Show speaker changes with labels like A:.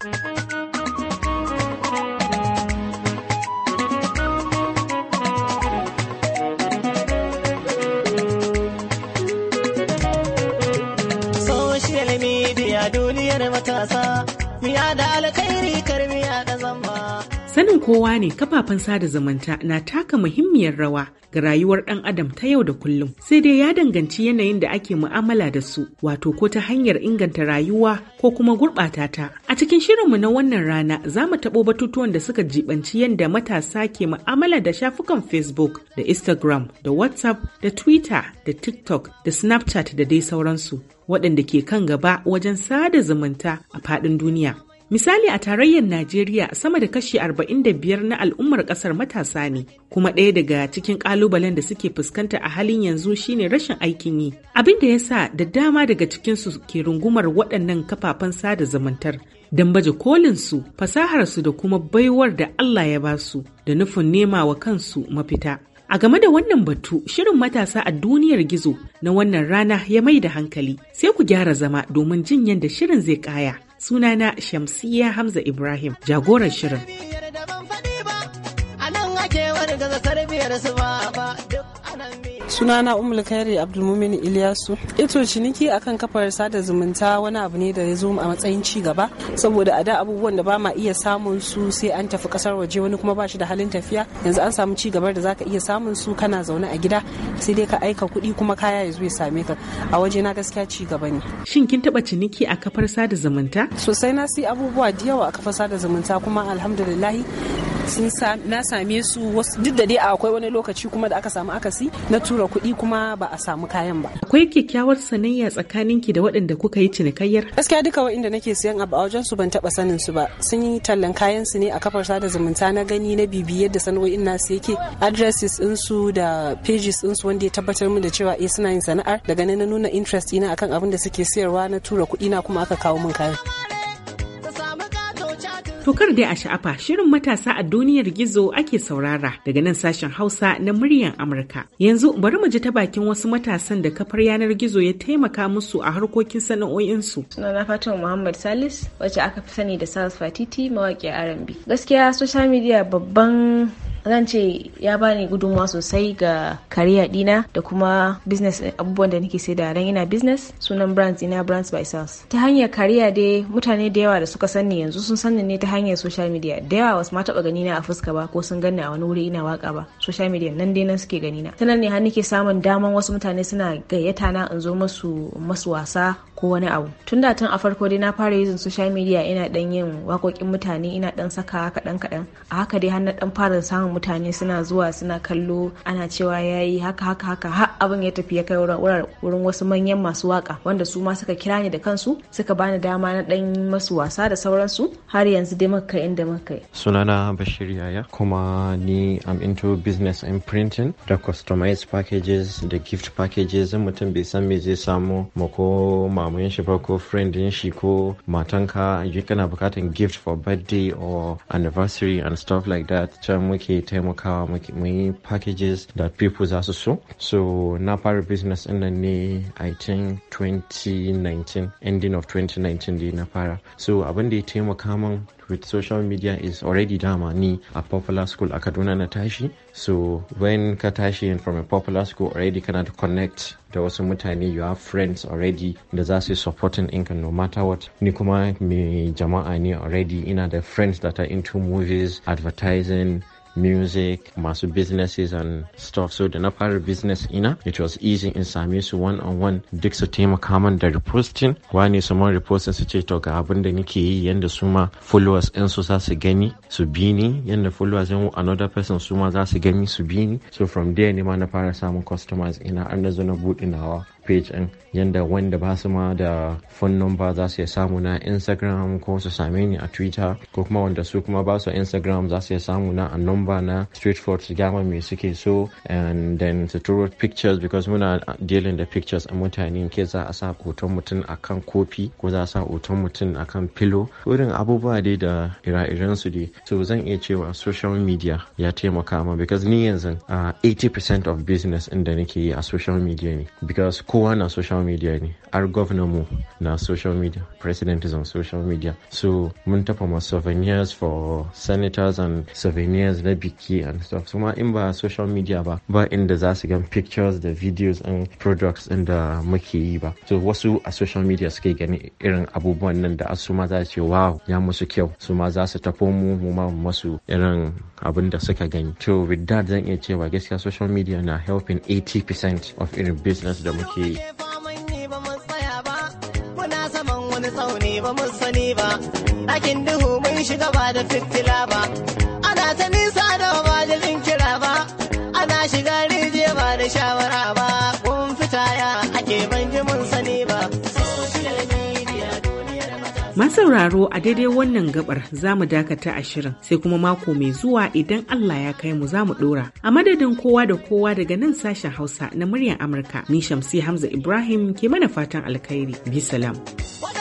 A: Social media duniyar matasa, miya da alkhairi karmiya da zamba.
B: Sanin kowa ne kafafen sada zumunta na taka muhimmiyar rawa ga rayuwar ɗan adam ta yau da kullum sai dai ya danganci yanayin da ake mu'amala da su wato ko ta hanyar inganta rayuwa ko kuma gurɓata ta. A cikin shirinmu na wannan rana za mu taɓo batutuwan da suka jibanci yadda matasa ke mu'amala da shafukan Facebook da Instagram da WhatsApp da Twitter da TikTok da Snapchat da dai sauransu waɗanda ke kan gaba wajen sada zumunta a faɗin duniya. Misali a tarayyar Najeriya sama da kashi 45 na al'ummar kasar matasa ne, kuma ɗaya daga cikin ƙalubalen da suke fuskanta a halin yanzu shine rashin aikin yi. Abin da ya sa da dama daga cikinsu ke rungumar waɗannan kafafen sada zumuntar don baje kolinsu, fasaharsu da kuma baiwar da Allah ya ba su da nufin nema wa kansu mafita. A game da wannan batu, shirin matasa a duniyar gizo na wannan rana ya mai da hankali. Sai ku gyara zama domin jin yadda shirin zai kaya. Sunana
A: Shamsiyya Hamza Ibrahim, jagoran shirin. ba sunana umul kairi abdulmumin ilyasu ito ciniki akan kafar sada zumunta wani abu ne da ya zo a matsayin ci gaba saboda a da abubuwan da ba ma iya samun su sai an tafi kasar waje wani kuma ba shi da halin tafiya yanzu an samu ci gaba da zaka iya samun su kana zaune a gida sai dai ka aika kuɗi kuma kaya ya zo ya same ka a waje na gaskiya ci gaba ne shin kin taba ciniki a kafar sada zumunta sosai na sai abubuwa da yawa a kafar sada zumunta kuma alhamdulillahi sun na same su duk da dai akwai wani lokaci kuma da aka samu akasi na tura kuɗi kuma ba a samu kayan ba akwai kyakkyawar sanayya tsakanin ki da waɗanda kuka yi cinikayyar gaskiya duka waɗanda nake siyan abu a wajen su ban taɓa sanin su ba sun yi tallan kayan su ne a kafar sada zumunta na gani na bibi yadda sana'o'in nasu yake addresses din su da pages din su wanda ya tabbatar min da cewa eh suna yin sana'ar daga nan na nuna interest ina akan abin da suke siyarwa na tura kuɗi na kuma aka kawo min kayan
B: To kar dai a sha'afa shirin matasa a duniyar gizo ake saurara daga nan sashen Hausa na muryar Amurka. Yanzu bari mu ji ta bakin wasu matasan da kafar yanar
C: gizo ya taimaka musu a harkokin sana'o'insu. Sunana Fatima Muhammad Salis wacce aka fi sani da Sars Fatiti mawaƙi R&B. Gaskiya social media babban zan ce ya bani gudunmawa sosai ga kariya dina da kuma business abubuwan da nake sai da ran ina business sunan brands ina brands by sales ta hanyar kariya dai mutane da yawa da suka sani yanzu sun sani ne ta hanyar social media da yawa wasu ma taba gani na a fuska ba ko sun ganni a wani wuri ina waka ba social media nan dai nan suke gani na sanan ne har nake samun daman wasu mutane suna gayyata na in zo musu masu wasa ko wani abu tun da tun a farko dai na fara yin social media ina dan yin wakokin mutane ina dan saka kaɗan kadan a haka dai har na dan fara samun mutane suna zuwa suna kallo ana cewa yayi haka haka haka ha abin ya tafi ya kai wurin wasu manyan masu waka wanda su ma suka kira ni da kansu suka bani dama na dan masu wasa da sauransu har yanzu dai maka kai inda muka kai
D: sunana bashir yaya kuma ni am into business and printing da customized packages da gift packages mutum bai san me zai samu ma ko mamayin shi ba ko friend shi ko matanka kana bukatan gift for birthday or anniversary and stuff like that can muke taimakawa taimaka mu yi packages da people za su so so na fara business ɗin nan ne i think 2019 ending of 2019 dai na fara so abin da ya taimaka man with social media is already dama ni a popular school a kaduna na tashi so when ka tashi from a popular school already kana connect da wasu mutane you have friends already da za su supporting inka no matter what ni kuma mai jama'a ne already ina da friends that are into movies advertising music masu businesses and stuff so da na fara business ina it was easy in same su one on one duk su taimaka man da reposting wani su man reposting su ce to ga abin da nake yi yanda su ma followers ɗin su za su gani su bi ni yanda followers ɗin another person su ma za su gani su bi ni so from there ne ma na fara samun customers ina har na zo na buɗe nawa page ɗin yadda wanda ba su ma da phone number za su iya samu na instagram ko su same ni a twitter ko kuma wanda su kuma ba su instagram za su iya samu na a number na straightforward su gama me suke so and then su turo pictures because muna dealing da pictures a mutane ke za a sa hoton mutum akan kofi ko za a sa hoton mutum akan filo wurin abubuwa dai da ira-iren su dai so zan iya cewa social media ya taimaka ma because ni yanzu 80% uh, of business inda nake yi a social media ne because kowa na social media ne ar governor mu na social media president is on social media so mun tafa ma souvenirs for senators and souvenirs na biki and stuff so ma in ba social media ba ba inda za su gan pictures da videos and products in da muke yi ba so wasu a social media suke gani irin abubuwan nan da su ma za su ce wow ya musu kyau su ma za su tafo mu mu ma masu irin abin da suka gani to with that zan iya cewa gaskiya social media na helping 80% of irin business da muke
A: muna saman wani tsauni ba mun sani ba, ɗakin duhu mun shiga ba da fitila ba,
B: sauraro a daidai wannan gabar za mu dakata a shirin, sai kuma mako mai zuwa idan Allah ya kai mu za mu dora. A madadin kowa da kowa daga nan sashen Hausa na muryar Amurka, ni Shamsi Hamza Ibrahim ke mana fatan alkhairi. bisalam
A: salam.